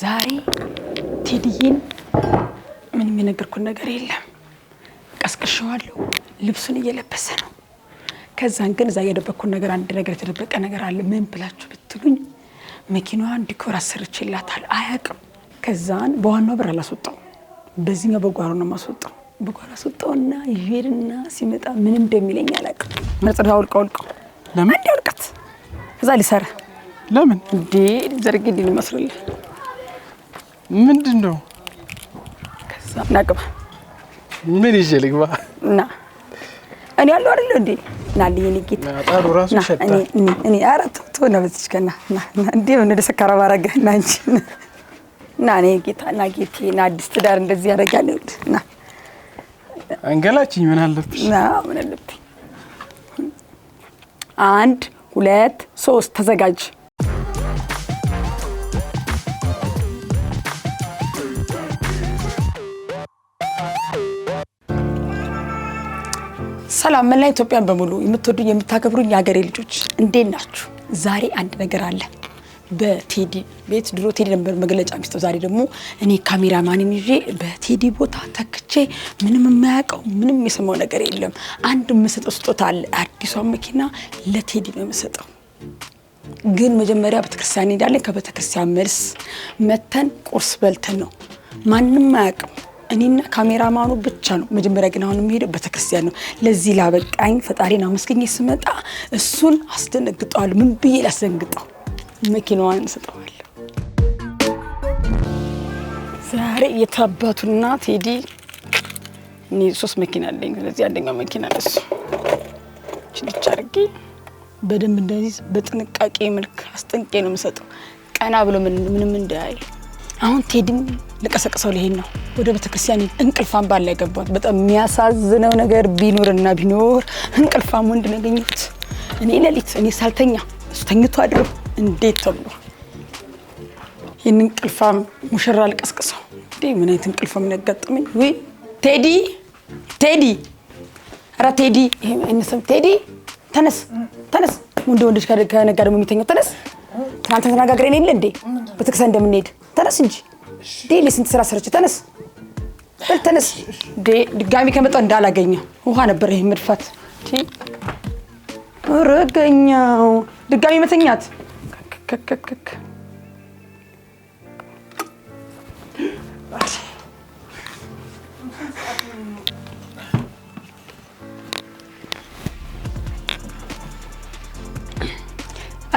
ዛሬ ቴድዬን ምንም የነገርኩት ነገር የለም። ቀስቅሸዋለሁ። ልብሱን እየለበሰ ነው። ከዛን ግን እዛ እየደበኩን ነገር አንድ ነገር የተደበቀ ነገር አለ። ምን ብላችሁ ብትሉኝ መኪናዋን ዲኮር አሰርቼላታል። አያውቅም። ከዛን በዋናው በር አላስወጣው፣ በዚህኛው በጓሮ ነው የማስወጣው። በጓሮ አስወጣውና ይሄድና ሲመጣ ምን እንደሚለኝ አላውቅም። መጽዳ ወልቀ ወልቀ ለምን እንዲ ወልቀት እዛ ሊሰራ ለምን እንዴ ዘርግ እንዲ ልመስልልህ ምንድን ነው? ከዛ ናግባ ምን ይዤ ልግባ? ና እኔ ያለው አይደል እንዴ? ና ለየኔ ጌታ አጣሩ ራሱ ሸጣ እኔ እኔ አራት ቶ ነው በዚህ ከና ና ና እንዴ ምን ደስ ከራባ አረጋ ና እንጂ ና እኔ ጌታ ና ጌቴ ና አዲስ ትዳር እንደዚህ ያደርጋል። ና አንገላችኝ ምን አለብሽ? ና ምን አለብኝ? አንድ ሁለት ሶስት ተዘጋጅ ሰላም መላ ኢትዮጵያን በሙሉ የምትወዱኝ የምታከብሩኝ የሀገሬ ልጆች እንዴት ናችሁ? ዛሬ አንድ ነገር አለ። በቴዲ ቤት ድሮ ቴዲ ነበር መግለጫ ሚስጠው። ዛሬ ደግሞ እኔ ካሜራማንን ይዤ በቴዲ ቦታ ተክቼ ምንም የማያውቀው ምንም የሰማው ነገር የለም። አንድ የምሰጠው ስጦታ አለ። አዲሷ መኪና ለቴዲ ነው የምሰጠው። ግን መጀመሪያ ቤተክርስቲያን እንሄዳለን። ከቤተክርስቲያን መልስ መተን ቁርስ በልተን ነው ማንም አያውቅም እኔና ካሜራማኑ ብቻ ነው። መጀመሪያ ግን አሁን የሚሄደው ቤተክርስቲያን ነው። ለዚህ ላበቃኝ ፈጣሪን አመስገኝ ስመጣ እሱን አስደነግጠዋል። ምን ብዬ ላስደንግጠው? መኪናዋን እንሰጠዋል። ዛሬ የታባቱና ቴዲ እኔ ሶስት መኪና አለኝ። ስለዚህ አንደኛው መኪና ነሱ ችልቻ አድርጌ በደንብ እንደዚህ በጥንቃቄ መልክ አስጠንቄ ነው የምሰጠው። ቀና ብሎ ምንም እንዳያይ አሁን ቴድም ልቀሰቅሰው ሊሄድ ነው ወደ ቤተክርስቲያን። እንቅልፋም ባላ የገባት በጣም የሚያሳዝነው ነገር ቢኖርና ቢኖር እንቅልፋም ወንድ ነው ያገኘሁት። እኔ ሌሊት እኔ ሳልተኛ እሱ ተኝቶ አድሮ እንዴት ተብሎ ይህን እንቅልፋም ሙሽራ ልቀስቅሰው እንዴ! ምን አይነት እንቅልፋም ነው ያጋጠመኝ? ወይ ቴዲ፣ ቴዲ፣ ኧረ ቴዲ፣ ቴዲ ተነስ፣ ይሄ ተነስ። ወንድ ወንዶች ከነጋ ደግሞ የሚተኛው ተነስ። ትናንተ ተነጋግረን የለ እንዴ ቤተክርስቲያን እንደምንሄድ ተነስ እንጂ ዴሊ ስንት ስራ ሰርች። ተነስ ተነስ። ድጋሚ ከመጣው እንዳላገኘ ውሃ ነበር ይሄ መድፋት ረገኛው ድጋሚ መተኛት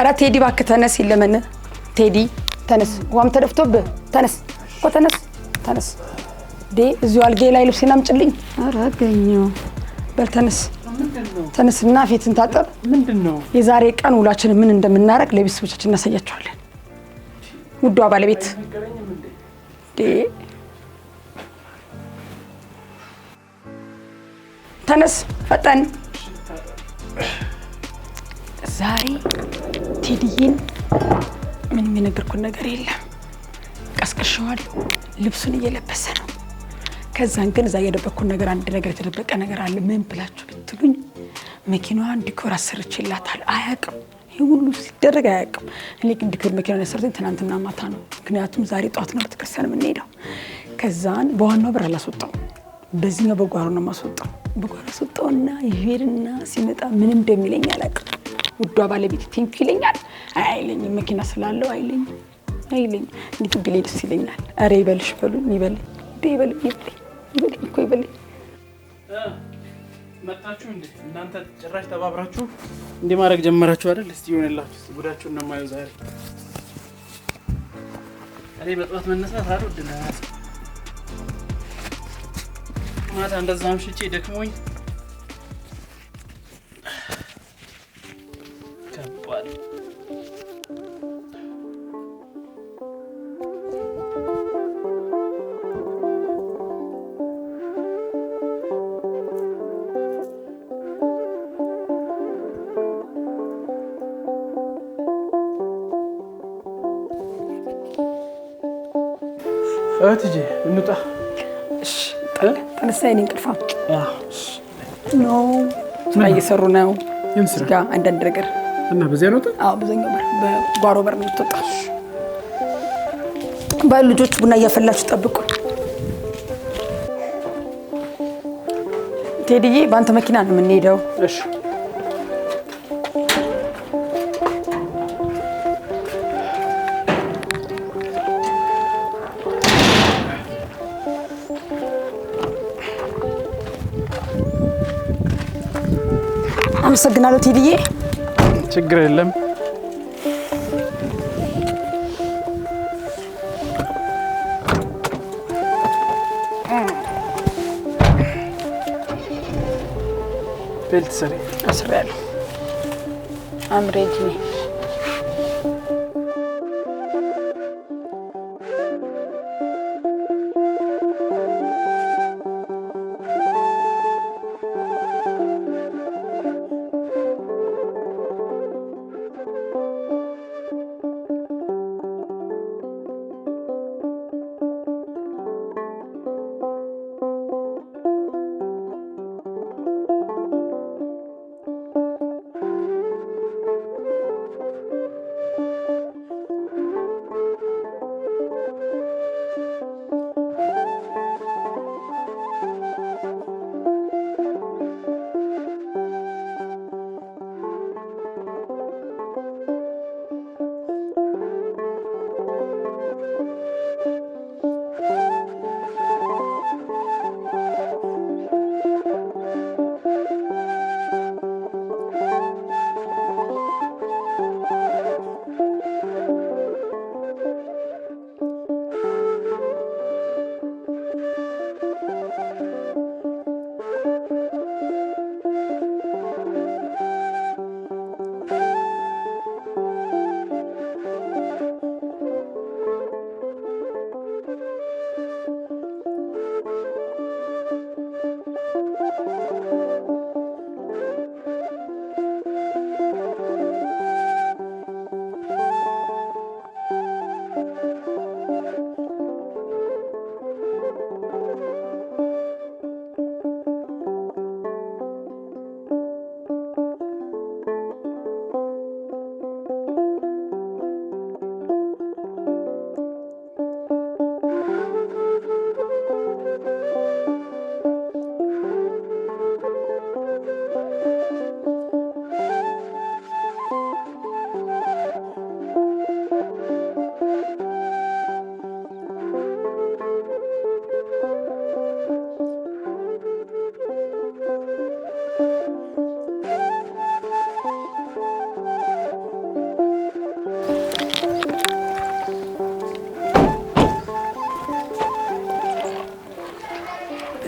አራት ቴዲ እባክህ ተነስ። ይለመን ቴዲ ተነስ። ውሃም ተደፍቶብህ ተነስ እኮ ተነስ፣ ተነስ። እዚሁ አልጌ ላይ ልብስ ናምጭልኝ? ኧረ በል ተነስ፣ ተነስና ፊትን ታጠብ። የዛሬ ቀን ውላችንን ምን እንደምናደርግ ለቤተሰቦቻችን እናሳያቸዋለን። ውዷ ባለቤት ተነስ፣ ፈጠን። ዛሬ ቴዲዬን ምንም የነገርኩን ነገር የለም። ቀስቅሸዋል። ልብሱን እየለበሰ ነው። ከዛን ግን እዛ የደበቅኩት ነገር አንድ ነገር የተደበቀ ነገር አለ። ምን ብላችሁ ብትሉኝ መኪናዋን ዲኮር አሰርችላታል። አያውቅም፣ ይህ ሁሉ ሲደረግ አያውቅም። እኔ ግን ዲኮር መኪናዋን ያሰርተኝ ትናንትና ማታ ነው። ምክንያቱም ዛሬ ጠዋት ነው ቤተክርስቲያን የምንሄደው። ከዛን በዋናው ብር አላስወጣው፣ በዚህኛው በጓሮ ነው የማስወጣው። በጓሮ አስወጣውና ይሄድና ሲመጣ ምን እንደሚለኝ አላውቅም። ውዷ ባለቤት ቴንኪው ይለኛል አይለኝም። መኪና ስላለው አይለኝም፣ አይለኝም። እንዲህ ብሌ ደስ ይለኛል። ኧረ ይበልሽ በሉ ይበል ይበል ይበል እኮ ይበል። መጣችሁ እንዴ እናንተ ጭራሽ ተባብራችሁ እንዴ ማድረግ ጀመራችሁ አይደል? እስቲ ይሆንላችሁ ጉዳችሁ እንደማየው ዛሬ እኔ በጠዋት መነሳት አልወድም። ማታ እንደዛ አምሽቼ ደክሞኝ ከባድ በእት ሂጂ እንውጣ። ተነሳ የኔ እንቅልፋ ስራ እየሰሩ ነው። አንዳንድ ነገር እና በዚያ ነው በዛኛው በር በጓሮ በር ነው የምትወጣ። ባል ልጆች ቡና እያፈላችሁ ጠብቁ። ቴዲዬ በአንተ መኪና ነው የምንሄደው። አመሰግናለሁ ቴዲዬ። ችግር የለም። ቤልት ሰሪ አስሬያለሁ አምሬጅ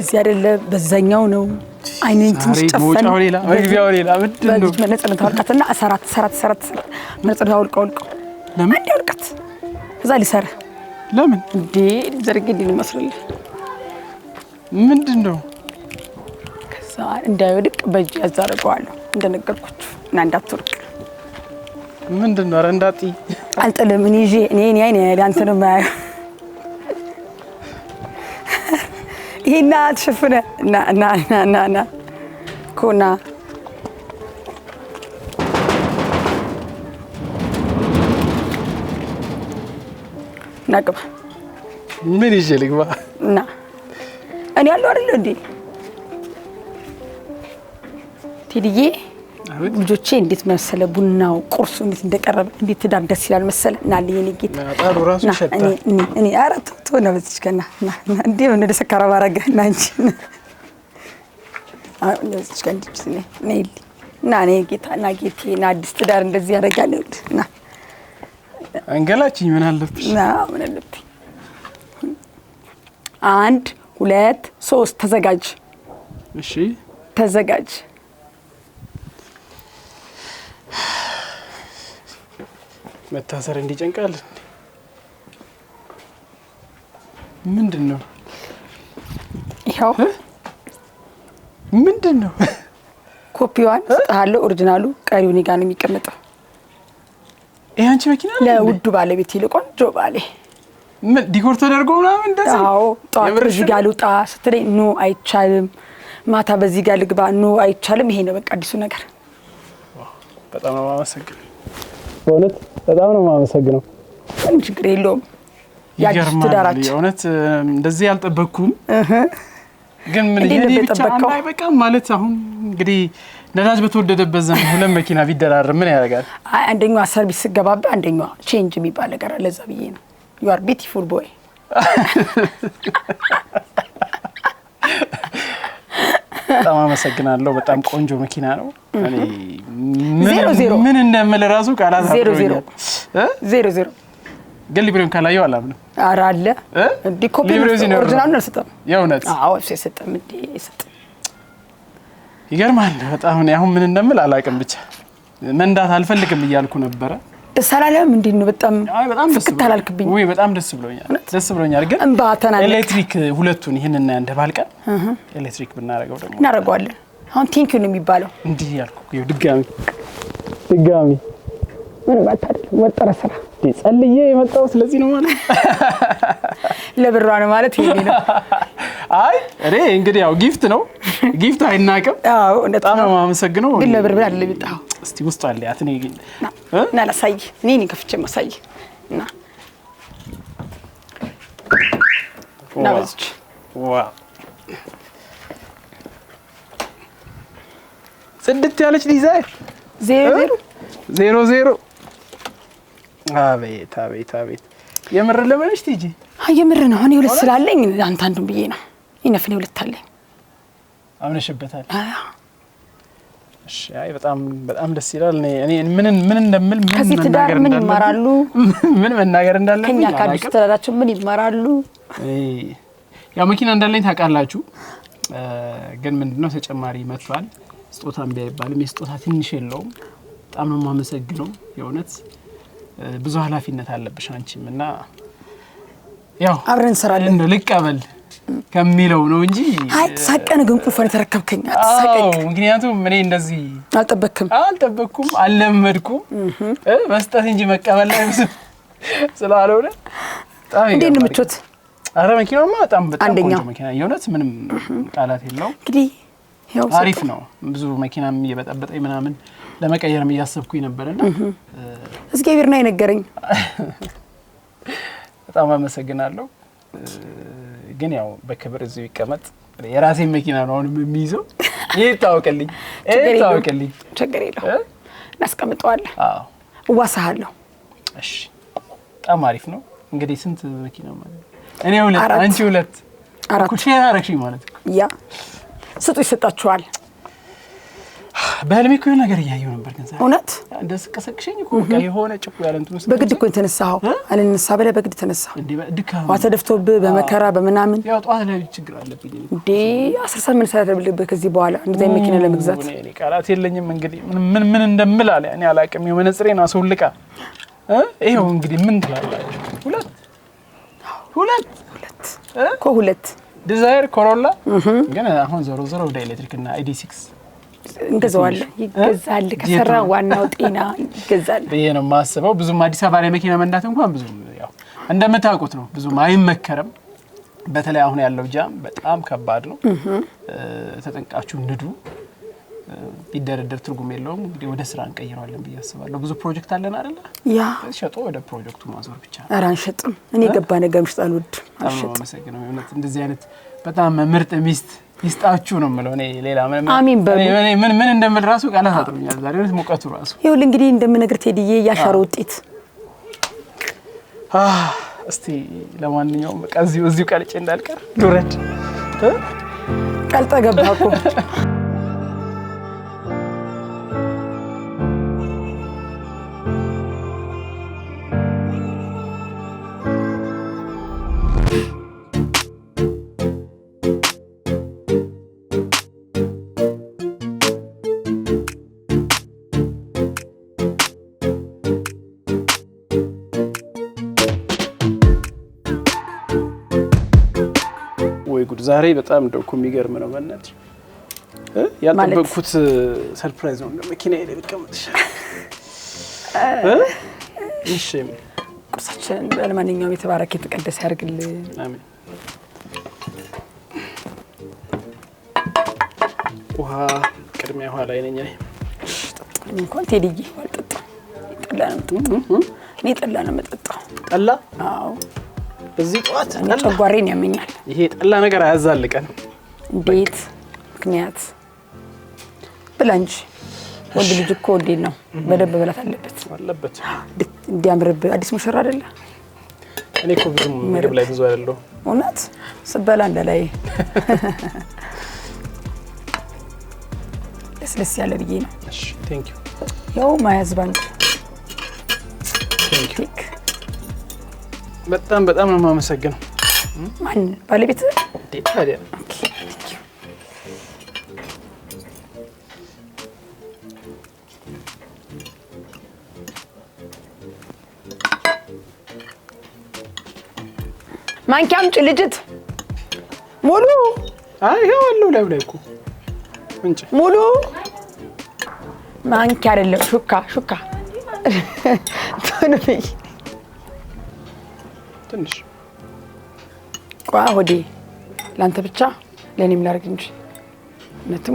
በዚህ አይደለም በዛኛው ነው። አይኔን ትንሽ ጨፈን መግቢያው ከዛ ሊሰራ ለምን እንዴ ዘርግ እንዲል መስለልህ ምንድን ከዛ እንዳይወድቅ በእጅ ያዛረገዋለሁ እንደነገርኳችሁ እና እንዳትወድቅ ምንድን ኧረ እንዳትዪ አልጥልም እኔ እኔ እኔ አይኔ ነው የማያየው ይሄና ተሸፍነ ና ና ና ና ኮና ናቅባ ምን ይዤ ልግባ? እና እኔ ያለው አይደል እንዴ ቴዲዬ ልጆቼ እንዴት መሰለ ቡናው ቁርሱ እንዴት እንደቀረበ እንዴት ትዳር ደስ ይላል መሰለ። ና ለየኔ ጌታ እኔ አራት ሆነ በዚች ከና እንዴ ወደ ሰካራ ባረገ ና እንጂ በዚች ከ እንዲች ና ይል ና ኔ ጌታ ና ጌቴ ና አዲስ ትዳር እንደዚህ ያደርጋል። ና አንገላችኝ ምን አለብሽ? ና ምን አለብኝ? አንድ ሁለት ሶስት ተዘጋጅ። እሺ ተዘጋጅ መታሰር እንዲጨንቃል ምንድን ነው? ያው ምንድን ነው? ኮፒዋን ስጥሃለሁ። ኦሪጂናሉ ቀሪው እኔ ጋር ነው የሚቀመጠው። ይሄ አንቺ መኪና ለውዱ ባለቤት ይልቆን ጆ ባሌ ምን ዲኮር ተደርጎ ምናምን እንደዚህ። አዎ ጠዋት በዚህ ጋር ልውጣ ስትለኝ ኖ አይቻልም፣ ማታ በዚህ ጋር ልግባ ኖ አይቻልም። ይሄ ነው በቃ አዲሱ ነገር። በጣም ነው በእውነት በጣም ነው የማመሰግነው። ችግር የለውም። ያቺ እውነት እንደዚህ ያልጠበቅኩም ግን ምን የጠበቀው አይበቃም ማለት አሁን እንግዲህ ነዳጅ በተወደደበት ዘመን ሁለት መኪና ቢደራረብ ምን ያደርጋል? አንደኛዋ ሰርቪስ ስገባበ አንደኛዋ ቼንጅ የሚባል ነገር አለ። እዛ ብዬ ነው ዩ አር ቢዩቲፉል ቦይ በጣም አመሰግናለሁ። በጣም ቆንጆ መኪና ነው። ዜሮ ዜሮ ምን እንደምል ራሱ ቃላት ዜሮ ዜሮ ዜሮ ዜሮ ግን ሊብሬውን ካላየው አላምነው። ኧረ አለ እንደ ኮፒ ኦሪጂናሉን አልሰጠም። የእውነት አዎ፣ እሱ የሰጠም እንደ የሰጠም ይገርማል በጣም እኔ አሁን ምን እንደምል አላውቅም። ብቻ መንዳት አልፈልግም እያልኩ ነበረ። ደስ አላለም? እንዴት ነው? በጣም በጣም ደስ ብሎኛል። ውይ በጣም ደስ ብሎኛል፣ ደስ ብሎኛል። ግን እንባ ተናለ ኤሌክትሪክ ሁለቱን ይህንና እንደ ኤሌክትሪክ ብናደርገው ደግሞ እናደርገዋለን አሁን ቴንኪው ነው የሚባለው። እንዲህ ድጋሚ ድጋሚ ወጠረ ስራ ጸልዬ የመጣው ስለዚህ ነው ማለት ለብሯ ነው ማለት ይሄ ነው። አይ እኔ እንግዲህ ያው ጊፍት ነው ጊፍት አይናቅም። አዎ በጣም ነው የማመሰግነው። ግን ለብር ብር አይደለም እስቲ ውስጥ አለ ያት ነው እና እኔ ነኝ ከፍቼ እና ዋ ጽድት ያለች ዲዛይን ዜሮ ዜሮ። ዜሮ። አቤት አቤት አቤት! የምር ልመንሽ ቲጂ? የምር ነው። እኔ ሁለት ስላለኝ አንተ አንዱን ብዬ ነው ይነፍኔ ሁለት አለኝ። አምነሽበታል? እሺ። አይ በጣም በጣም ደስ ይላል። እኔ ምን ምን እንደምል ምን ከዚህ ትዳር ምን ይማራሉ፣ ምን መናገር እንዳለብኝ ከኛ ካዱስ ትዳራቸው ምን ይማራሉ። ያው መኪና እንዳለኝ ታውቃላችሁ፣ ግን ምንድነው ተጨማሪ መጥቷል ስጦታ እምቢ አይባልም። የስጦታ ትንሽ የለውም። በጣም ነው የማመሰግነው። የእውነት ብዙ ኃላፊነት አለብሽ አንቺም እና ያው አብረን እንሰራለን ልቀበል ከሚለው ነው እንጂ አትሳቀን። ግን ቁልፏን የተረከብከኝ አትሳቀቅ። ምክንያቱም እኔ እንደዚህ አልጠበክም አልጠበቅኩም አልለመድኩም መስጠት እንጂ መቀበል ላይ ብዙ ስላልሆነ እንዴት ነው ምቾት? አረ መኪናማ በጣም በጣም ቆንጆ መኪና የእውነት ምንም ቃላት የለውም እንግዲህ አሪፍ ነው። ብዙ መኪናም እየበጠበጠኝ ምናምን ለመቀየርም እያሰብኩኝ ነበርና እግዚአብሔር ነው የነገረኝ። በጣም አመሰግናለሁ። ግን ያው በክብር እዚሁ ይቀመጥ። የራሴን መኪና ነው አሁንም የሚይዘው። ይህ ይታወቅልኝ፣ ይታወቅልኝ። ችግር የለውም እናስቀምጠዋለን። እዋሳሃለሁ። እሺ፣ በጣም አሪፍ ነው። እንግዲህ ስንት መኪና ማለት እኔ ሁለት አንቺ ሁለት አራት ኩሽና አረግሽኝ ማለት ያ ስጡ ይሰጣችኋል። በህልሜ እኮ የሆነ ነገር እያየሁ ነበር። ግን እውነት እንደ ስቀሰቅሽኝ እኮ የሆነ ጭቁ ያለ እንትኑ በግድ እኮ የተነሳኸው አልነሳ ብለህ በግድ ተነሳህ። ውሃ ተደፍቶብህ በመከራ በምናምን ያው ጠዋት ላይ ችግር አለብኝ እንዴ። አስር ሰዓት ምን ሰዓት ያለብህ ከዚህ በኋላ እንደዚያ መኪና ለመግዛት ቃላት የለኝም። እንግዲህ ምን ምን እንደምል አለ እኔ አላቅም። መነጽሬን አስወልቃ ይኸው እንግዲህ ምን ትላላችሁ? ሁለት ሁለት ሁለት እኮ ሁለት ዲዛይር ኮሮላ ግን አሁን ዞሮ ዞሮ ወደ ኤሌክትሪክ እና ኢዲ ሲክስ እንገዛዋለን። ይገዛል። ከሰራ ዋናው ጤና ይገዛል ብዬ ነው የማስበው። ብዙም አዲስ አበባ ላይ መኪና መንዳት እንኳን ብዙም ያው እንደምታውቁት ነው ብዙም አይመከርም። በተለይ አሁን ያለው ጃም በጣም ከባድ ነው። ተጠንቃችሁ ንዱ። ቢደረደር ትርጉም የለውም። እንግዲህ ወደ ስራ እንቀይረዋለን ብዬ አስባለሁ። ብዙ ፕሮጀክት አለን አይደለ? ያ ሸጦ ወደ ፕሮጀክቱ ማዞር ብቻ ነው። ኧረ አንሸጥም። እኔ ገባ ነገር ምሽጥ አልወድም። አመሰግነው። እውነት እንደዚህ አይነት በጣም ምርጥ ሚስት ይስጣችሁ ነው የምለው። እኔ ሌላ አሚን በምን ምን እንደምል ራሱ ቃላት አጥሩኛል። ዛሬ እውነት ሙቀቱ ራሱ ይኸውልህ። እንግዲህ እንደምነግር ቴድዬ እያሻረ ውጤት እስቲ ለማንኛውም በቃ እዚሁ እዚሁ ቀልጬ እንዳልቀር ዱረድ ቀልጠ ገባኩ። ዛሬ በጣም እንደው እኮ የሚገርም ነው። በእናትሽ ያልጠበቅኩት ሰርፕራይዝ ነው። መኪና ሄደ ብቀመጥሽ። እሺ ቁርሳችን ለማንኛውም የተባረከ የተቀደሰ ያድርግልን። አሜን። ውሃ ቅድሚያ ውሃ ላይ ነኝ። እኔ እንኳን ቴዲዬ አልጠጣም። ጠላ ነው የምጠጣው። እኔ ጠላ ነው የምጠጣው። ጠላ? አዎ በዚህ ጠዋት ጨጓራዬን ያመኛል። ይሄ ጠላ ነገር አያዛልቀን። እንዴት ምክንያት ብላ እንጂ ወንድ ልጅ እኮ እንዴት ነው በደንብ መብላት አለበት አለበት። እንዲያምርብህ አዲስ ሙሽራ አይደለ? እኔ እኮ ብዙ ምግብ ላይ ብዙ አይደለሁ። እውነት ስበላ እንደላይ ለስለስ ያለ ብዬ ነው። ያው ማያዝ ባንክ በጣም በጣም ነው የማመሰግነው። ማን ባለቤት? ታዲያ ማንኪያ አምጪ ልጅት ሙሉ። አይ ይሄው አለው ላይ ላይ እኮ ሙሉ ማንኪያ አይደለም ሹካ ሹካ ትንሽ ቋ ሆዴ ለአንተ ብቻ ለእኔም ላድርግ እንጂ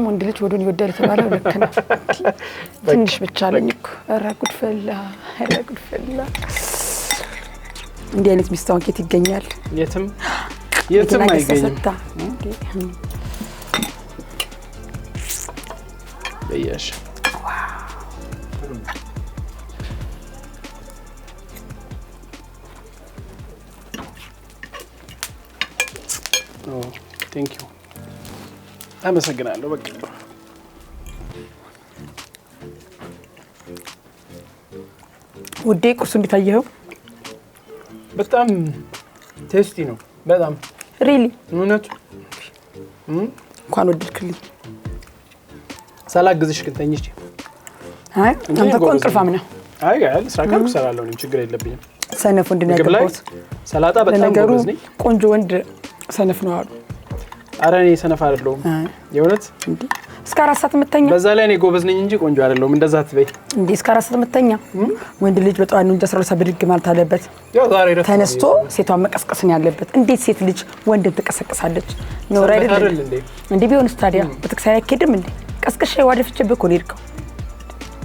ወንድ ልጅ ይወዳል የተባለው ልክ ነው። ትንሽ ብቻ እኮ። ኧረ ጉድ ፈላ፣ ኧረ ጉድ ፈላ። እንዲህ አይነት ሚስት አሁን ኬት ይገኛል? የትም የትም አይገኝም። ቴንክ ዩ አመሰግናለሁ። በቃ ውዴ፣ ቁርሱ እንዲታየኸው በጣም ቴስቲ ነው። በጣም ሪሊ፣ እውነት እንኳን ወደድክልኝ። ሳላግዝሽ ግን ተኝቼ። አይ አንተ እኮ እንቅልፋም ነህ። አይ ያህል ስራ ካልኩ እሰራለሁ፣ ችግር የለብኝም። ሰነፉ እንድናገባት ሰላጣ በጣም ነገሩ ቆንጆ ወንድ ሰነፍ ነው አሉ አረ እኔ ሰነፍ አይደለሁም የእውነት እስከ አራት ሰዓት የምተኛ በዛ ላይ እኔ ጎበዝ ነኝ እንጂ ቆንጆ አይደለሁም። እንደዛ አትበይ እንዴ! እስከ አራት ሰዓት የምተኛ ወንድ ልጅ በጠዋት ነው እንጂ አስራ ሁለት ሰዓት ብድግ ማለት አለበት። ተነስቶ ሴቷን መቀስቀስ ነው ያለበት። እንዴት ሴት ልጅ ወንድን ትቀሰቅሳለች? ኖር አይደለም እንዴ? ቢሆንስ ታዲያ በተክሳይ አይኬድም እንዴ? ቀስቅሼ ዋደፍቼብህ እኮ ነው የሄድከው።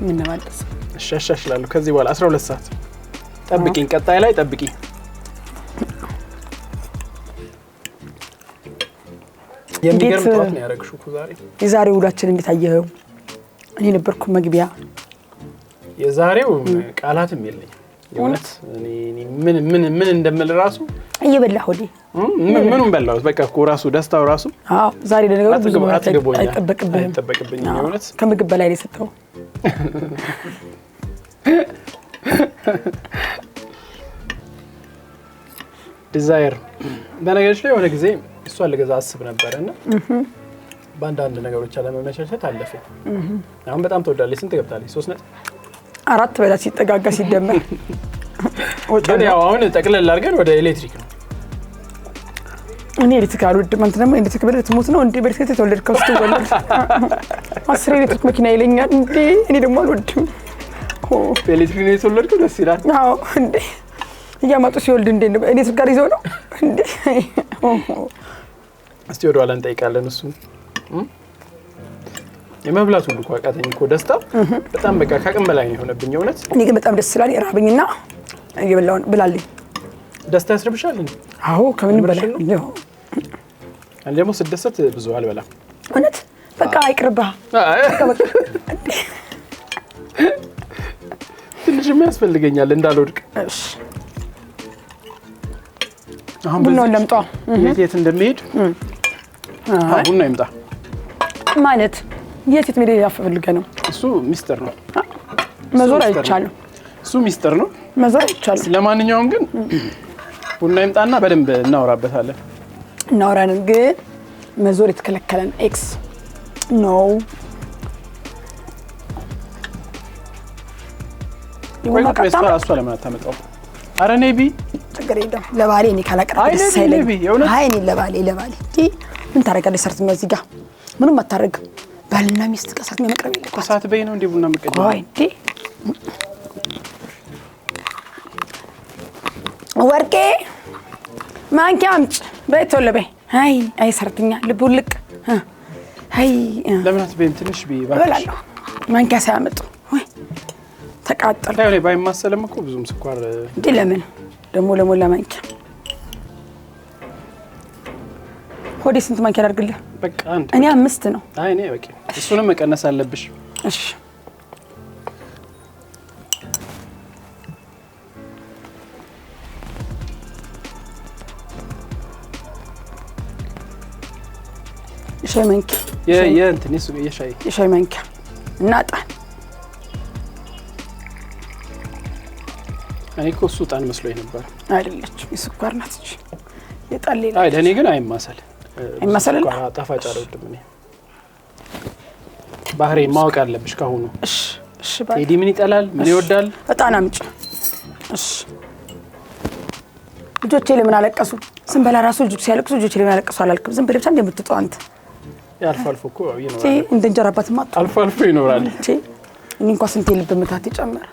ምን ማለት እሺ፣ አሻሽላለሁ ከዚህ በኋላ አስራ ሁለት ሰዓት ጠብቂኝ። ቀጣይ ላይ ጠብቂኝ የሚገርም ዛሬ። የዛሬ ውሏችን እንዴት አየኸው? እኔ ነበርኩ መግቢያ። የዛሬው ቃላትም ምን ምን እንደምል ራሱ እየበላህ ወዴ ምኑን በላሁት። በቃ እኮ ራሱ ደስታው ራሱ ዛሬ ለነገሩ ብዙ አይጠበቅብኝም። ከምግብ በላይ ነው የሰጠው። ዲዛይር በነገሮች ላይ የሆነ ጊዜ እሷን ልገዛ አስብ ነበረ እና በአንዳንድ ነገሮች አለመመቻቸት አለፈ። አሁን በጣም ተወዳለች። ስንት ገብታለች? ሶስት ነጥብ አራት በላ ሲጠጋጋ ሲደመር ግን ያው አሁን ጠቅለል አድርገን ወደ ኤሌክትሪክ ነው። እኔ ኤሌክትሪክ አልወድም። አንተ ደግሞ ኤሌክትሪክ ብለህ ልትሞት ነው እንዴ? በኤሌክትሪክ የተወለድከው ስትወለድ አስር ኤሌክትሪክ መኪና ይለኛል እንዴ? እኔ ደግሞ አልወድም። ኤሌክትሪክ ነው የተወለድከው? ደስ ይላል። አዎ እንዴ እያመጡ ሲወልድ እንዴ ኤሌክትሪክ ጋር ይዘው ነው እንዴ እስቲ ወደ ኋላ እንጠይቃለን። እሱ የመብላት ሁሉ አቃተኝ እኮ ደስታ በጣም በቃ ከአቅም በላይ ነው የሆነብኝ። እውነት እኔ ግን በጣም ደስ ስላል የራበኝና እየበላሁ ብላልኝ። ደስታ ያስርብሻል? አዎ ከምን በላይ ደግሞ ስደሰት ብዙ አልበላም። እውነት በቃ አይቅርብህ፣ ትንሽም ያስፈልገኛል እንዳልወድቅ አሁን ብናውን ለምጧ የት እንደሚሄድ ቡና ይምጣ ማለት የሴት ሜዳ ያፈልገ ነው። እሱ ሚስጥር ነው፣ መዞር አይቻልም። እሱ ሚስጥር ነው፣ መዞር አይቻልም። ለማንኛውም ግን ቡና ይምጣና በደንብ እናወራበታለን። እናወራለን ግን መዞር የተከለከለን ኤክስ ነው። እሷ ለምን አታመጣው? ኔቢ ችግር የለም ለባሌ እኔ ካላቀረብ ደስ ለባሌ ለባሌ ምን ታደርጋለች? ሰርትም እዚህ ጋር ምንም አታደርግም። ባልና ሚስት ከሰዓት ነው መቅረብ የለባት። ከሰዓት በይ ነው እንዴ ቡና ወርቄ ማንኪያ አምጪ በይ፣ ቶሎ በይ። አይ አይ ሰርትኛ ልቡ ልቅ አይ ለምን አትበይም? ትንሽ በይ እበላለሁ። ማንኪያ ሳያመጡ ወይ ባይማሰለም እኮ ብዙም ስኳር እንዴ። ለምን ደግሞ ለሞላ ማንኪያ ወደ ስንት ማንኪያ አድርግልህ? በቃ አንድ። እኔ አምስት ነው። አይ እኔ በቂ። እሱንም መቀነስ አለብሽ። እሺ የሻይ ማንኪያ የሻይ ማንኪያ እና እጣን። እኔ እኮ እሱ እጣን መስሎኝ ነበር። አይደለችም፣ የስኳር ናት። እኔ ግን አይማሰል። አይመሰልም። ጣፋጭ አልወድም እኔ። ባህሪ ማወቅ አለብሽ ከአሁኑ። ቴዲ ምን ይጠላል፣ ምን ይወዳል? እጣን አምጪ። ልጆቼ ለምን አለቀሱ? ዝም በላ ራሱ ልጆች ሲያለቅሱ ልጆቼ ለምን አለቀሱ አላልክም? ዝም ብለህ ብቻ እንደምትጠው አንተ። አልፎ አልፎ እኮ ይኖራል እንደ እንጀራ አባትማ፣ አልፎ አልፎ ይኖራል። እኔ እንኳ ስንቴ ልብ ምታት ይጨምር።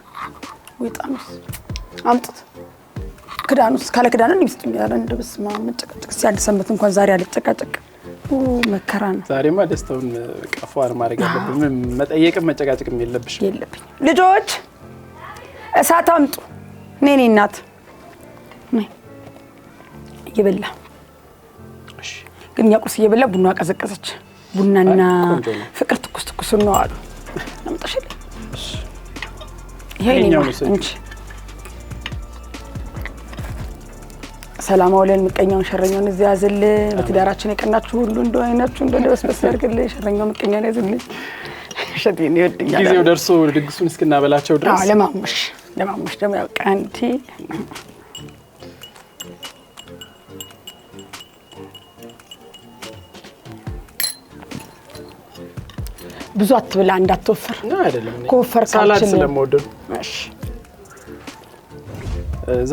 ወይ ጣምስ አምጡት ክዳን ውስጥ ካለ ክዳኑ ሊብስጥ የሚያለ እንደ በስመ አብ መጨቃጨቅ ሲያድር ሰንበት እንኳን ዛሬ አልጨቃጨቅ መከራ ነው። ዛሬማ ደስታውን ቀፏን ማድረግ ያለብን መጠየቅም መጨቃጨቅም የለብሽ የለብኝ። ልጆች እሳት አምጡ። ኔኔ እናት እየበላ ግን እኛ ቁርስ እየበላ ቡና ቀዘቀዘች። ቡናና ፍቅር ትኩስ ትኩስ ነው አሉ። ለምጠሽል ይሄ ነው እንጂ ሰላም አውለን ምቀኛውን ሸረኛውን እዚህ ያዝልን። በትዳራችን የቀናችሁ ሁሉ እንደ አይናችሁ እንደ ደበስበስ ያርግልን። ሸረኛው ምቀኛውን ያዝልን። እሸቴን ይወድኛል። ጊዜው ደርሶ ድግሱን እስክናበላቸው ድረስ ለማሙሽ ለማሙሽ ደግሞ ያው ቀንቲ ብዙ አትብላ እንዳትወፍር። ከወፈር ሳላድ ስለምወደዱ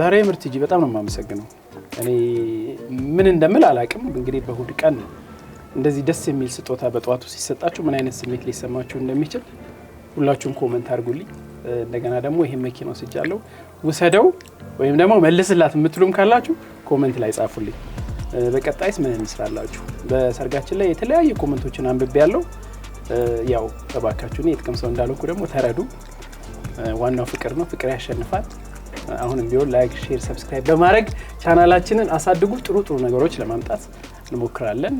ዛሬ ምርት እጂ በጣም ነው የማመሰግነው። እኔ ምን እንደምል አላውቅም። እንግዲህ በእሑድ ቀን እንደዚህ ደስ የሚል ስጦታ በጠዋቱ ሲሰጣችሁ ምን አይነት ስሜት ሊሰማችሁ እንደሚችል ሁላችሁም ኮመንት አድርጉልኝ። እንደገና ደግሞ ይህን መኪና ወስጃለሁ ውሰደው ወይም ደግሞ መልስላት የምትሉም ካላችሁ ኮመንት ላይ ጻፉልኝ። በቀጣይስ ምን እንስራላችሁ? በሰርጋችን ላይ የተለያዩ ኮመንቶችን አንብቤ ያለው ያው እባካችሁ የጥቅም ሰው እንዳልኩ ደግሞ ተረዱ። ዋናው ፍቅር ነው። ፍቅር ያሸንፋል። አሁንም ቢሆን ላይክ፣ ሼር፣ ሰብስክራይብ በማድረግ ቻናላችንን አሳድጉ። ጥሩ ጥሩ ነገሮች ለማምጣት እንሞክራለን።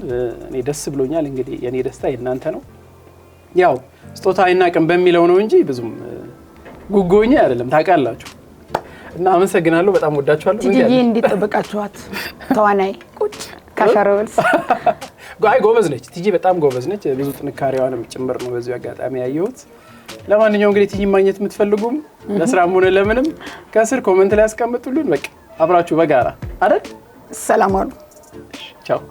እኔ ደስ ብሎኛል። እንግዲህ የእኔ ደስታ የእናንተ ነው። ያው ስጦታ አይናቅም በሚለው ነው እንጂ ብዙም ጉጎኝ አይደለም ታውቃላችሁ። እና አመሰግናለሁ። በጣም ወዳችኋለሁ። ጂጂዬ እንዲጠበቃችኋት ተዋናይ ቁጭ ካሻረበልስ አይ ጎበዝ ነች ቲጂ፣ በጣም ጎበዝ ነች። ብዙ ጥንካሬዋንም ጭምር ነው በዚሁ አጋጣሚ ያየሁት። ለማንኛውም እንግዲህ እትዬን ማግኘት የምትፈልጉም ለስራም ሆነ ለምንም ከስር ኮመንት ላይ ያስቀምጡልን። በቃ አብራችሁ በጋራ አይደል? ሰላም አሉ። ቻው